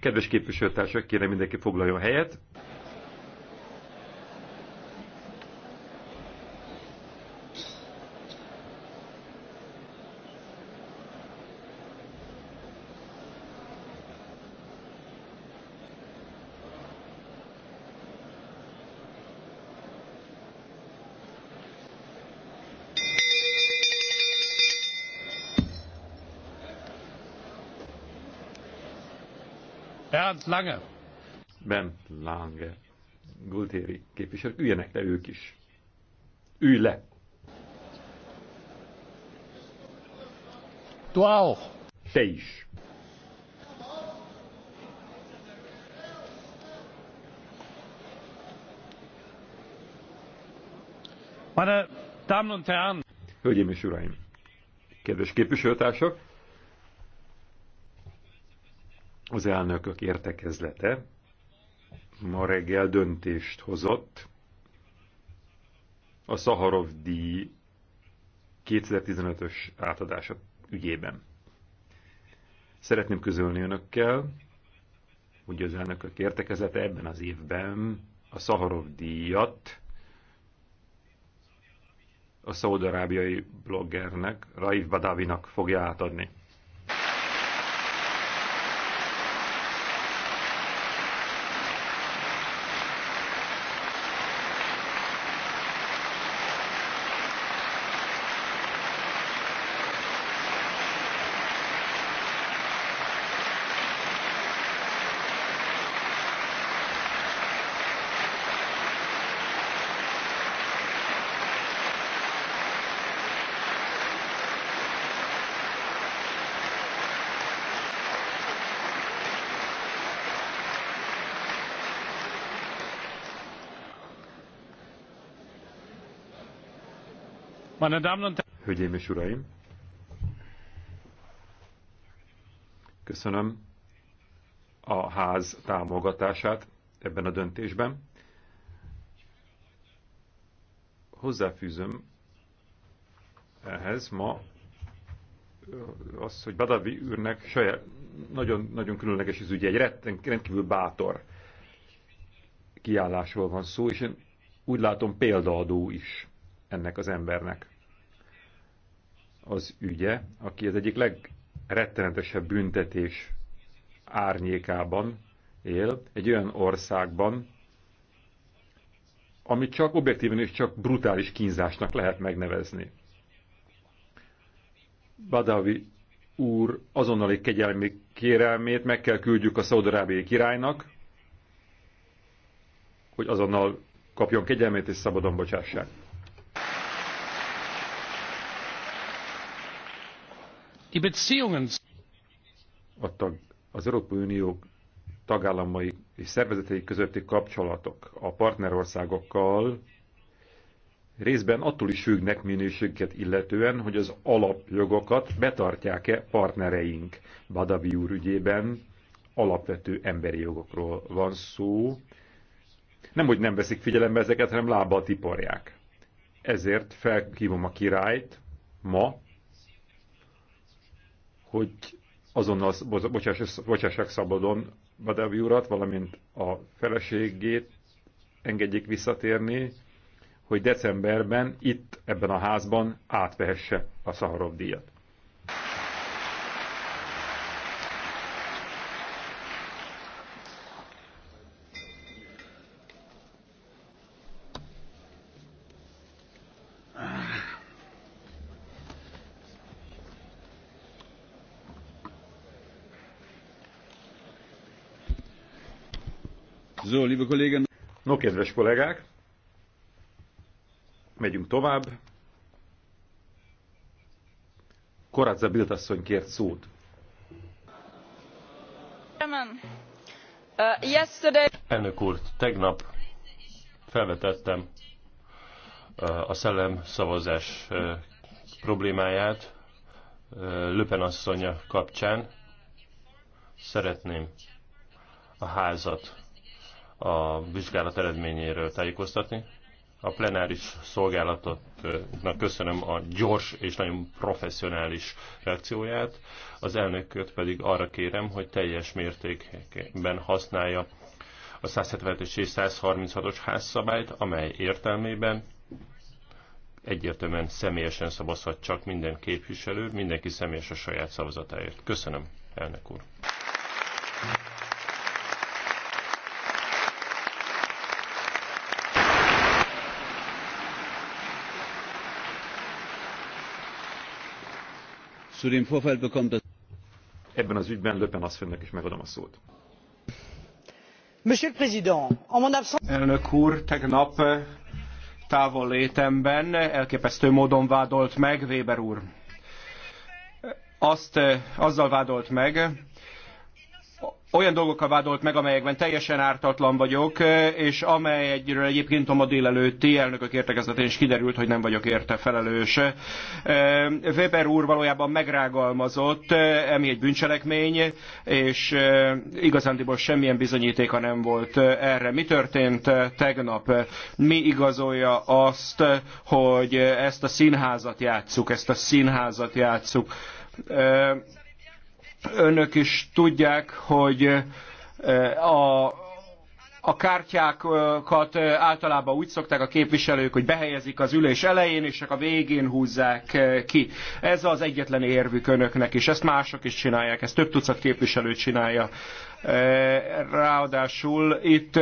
Kedves képviselőtársak, kérem mindenki foglaljon helyet. Bernd Lange. Bernd Lange. Gultéri képviselők, üljenek le ők is. Ülj le! Du auch. Te is. Meine Damen und Herren! Hölgyeim és Uraim! Kedves képviselőtársak! az elnökök értekezlete ma reggel döntést hozott a Szaharov díj 2015-ös átadása ügyében. Szeretném közölni önökkel, hogy az elnökök értekezete ebben az évben a Szaharov díjat a szaudarábiai bloggernek, Raif Badavinak fogja átadni. Hölgyeim és Uraim! Köszönöm a ház támogatását ebben a döntésben. Hozzáfűzöm ehhez ma az, hogy Badavi űrnek saját, nagyon, nagyon különleges az ügye, egy rendkívül bátor kiállásról van szó, és én úgy látom példaadó is ennek az embernek az ügye, aki az egyik legrettenetesebb büntetés árnyékában él, egy olyan országban, amit csak objektíven és csak brutális kínzásnak lehet megnevezni. Badawi úr azonnali kegyelmi kérelmét meg kell küldjük a szaudarábiai királynak, hogy azonnal kapjon kegyelmét és szabadon bocsássák. Die Beziehungen a az Európai Unió tagállamai és szervezetei közötti kapcsolatok a partnerországokkal részben attól is függnek minőségüket illetően, hogy az alapjogokat betartják-e partnereink. Badavi úr ügyében alapvető emberi jogokról van szó. Nem, hogy nem veszik figyelembe ezeket, hanem lábbal tiporják. Ezért felhívom a királyt ma, hogy azonnal bocsássák szabadon Badevi urat, valamint a feleségét engedjék visszatérni, hogy decemberben itt, ebben a házban átvehesse a Szaharov díjat. So, liebe Kollegen. No, kedves kollégák, megyünk tovább. Koradza Bildasszony kért szót. Uh, Elnök úr, tegnap felvetettem uh, a szellem szavazás uh, problémáját Löpen asszonya kapcsán. Szeretném a házat a vizsgálat eredményéről tájékoztatni. A plenáris szolgálatoknak köszönöm a gyors és nagyon professzionális reakcióját, az elnököt pedig arra kérem, hogy teljes mértékben használja a 177 és 136-os házszabályt, amely értelmében egyértelműen személyesen szavazhat csak minden képviselő, mindenki személyes a saját szavazatáért. Köszönöm, elnök úr. Zu dem Vorfall bekommt Ebben az ügyben Löpen asszonynak is megadom a szót. Monsieur le Président, en mon absence... Elnök úr, tegnap eh, távol létemben elképesztő módon vádolt meg Weber úr. Azt, eh, azzal vádolt meg, olyan dolgokkal vádolt meg, amelyekben teljesen ártatlan vagyok, eh, és amelyről egyébként a ma délelőtti elnökök értekezletén is kiderült, hogy nem vagyok érte felelős. Eh, Weber úr valójában megrágalmazott, eh, emi egy bűncselekmény, és igazándiból semmilyen bizonyítéka nem volt erre. Mi történt tegnap? Mi igazolja azt, hogy ezt a színházat játsszuk, ezt a színházat játsszuk? önök is tudják, hogy e, a, a kártyákat e, általában úgy szokták a képviselők, hogy behelyezik az ülés elején, és csak a végén húzzák e, ki. Ez az egyetlen érvük önöknek, és ezt mások is csinálják, ezt több tucat képviselő csinálja. Ráadásul itt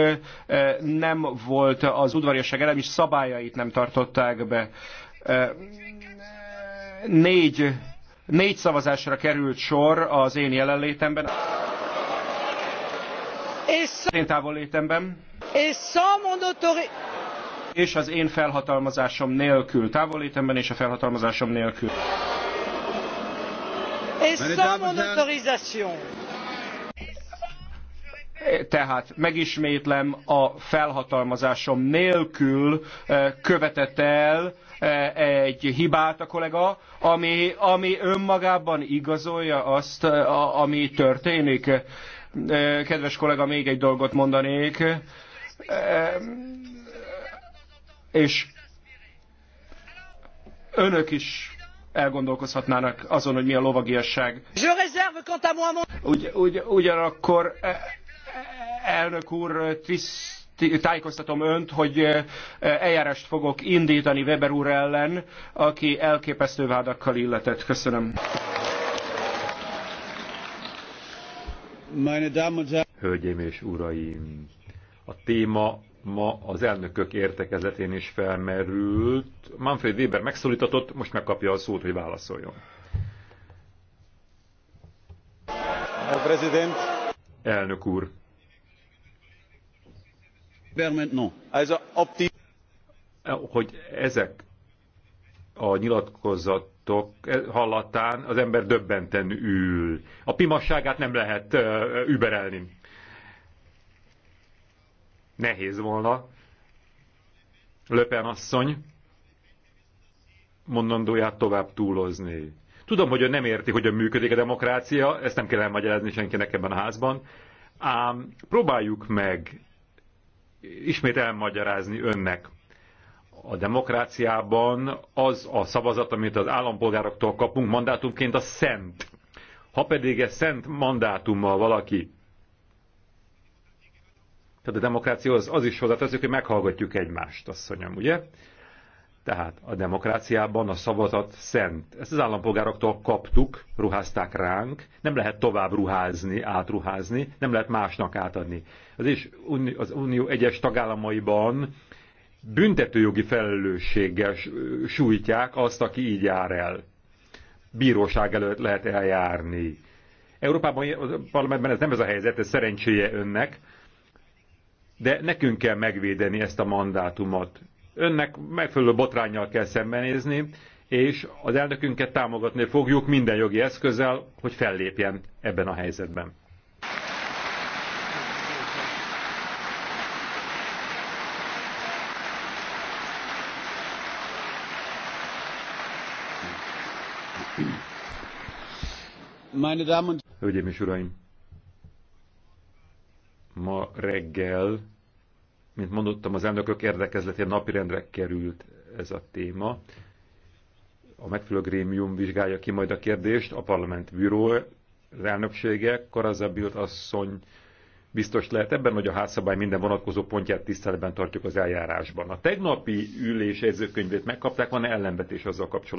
nem volt az udvariasság elem, is szabályait nem tartották be. Négy Négy szavazásra került sor az én jelenlétemben. És én távollétemben. És és az én felhatalmazásom nélkül, távollétemben és a felhatalmazásom nélkül. Et sans mon autorisation tehát megismétlem, a felhatalmazásom nélkül eh, követett el eh, egy hibát a kollega, ami, ami önmagában igazolja azt, eh, ami történik. Kedves kollega, még egy dolgot mondanék. És önök is elgondolkozhatnának azon, hogy mi a lovagiasság. Ugy, ugy, ugyanakkor Elnök úr, tiszt tájékoztatom önt, hogy eljárást fogok indítani Weber úr ellen, aki elképesztő vádakkal illetett. Köszönöm. Hölgyeim és uraim, a téma ma az elnökök értekezletén is felmerült. Manfred Weber megszólítatott, most megkapja a szót, hogy válaszoljon. Elnök úr, Eh, hogy ezek a nyilatkozatok eh, hallatán az ember döbbenten ül. A pimasságát nem lehet eh, überelni. Nehéz volna. Löpen asszony mondandóját tovább túlozni. Tudom, hogy ő nem érti, hogy működik a demokrácia, ezt nem kell elmagyarázni senkinek ebben a házban, ám próbáljuk meg ismét elmagyarázni önnek. A demokráciában az a szavazat, amit az állampolgároktól kapunk mandátumként, a szent. Ha pedig ez szent mandátummal valaki, tehát a demokráció az, az is hozzáteszik, hogy meghallgatjuk egymást, asszonyom, ugye? Tehát a demokráciában a szavazat szent. Ezt az állampolgároktól kaptuk, ruházták ránk, nem lehet tovább ruházni, átruházni, nem lehet másnak átadni. Az, is, az Unió egyes tagállamaiban büntetőjogi felelősséggel sújtják azt, aki így jár el. Bíróság előtt lehet eljárni. Európában, a parlamentben ez nem ez a helyzet, ez szerencséje önnek, de nekünk kell megvédeni ezt a mandátumot önnek megfelelő botrányjal kell szembenézni, és az elnökünket támogatni fogjuk minden jogi eszközzel, hogy fellépjen ebben a helyzetben. Hölgyeim és Uraim! Ma reggel mint mondottam, az elnökök érdekezletén napirendre került ez a téma. A megfelelő grémium vizsgálja ki majd a kérdést, a parlament bűró az elnöksége, Karazabilt asszony biztos lehet ebben, hogy a házszabály minden vonatkozó pontját tiszteletben tartjuk az eljárásban. A tegnapi ülés jegyzőkönyvét megkapták, van -e ellenvetés azzal kapcsolatban?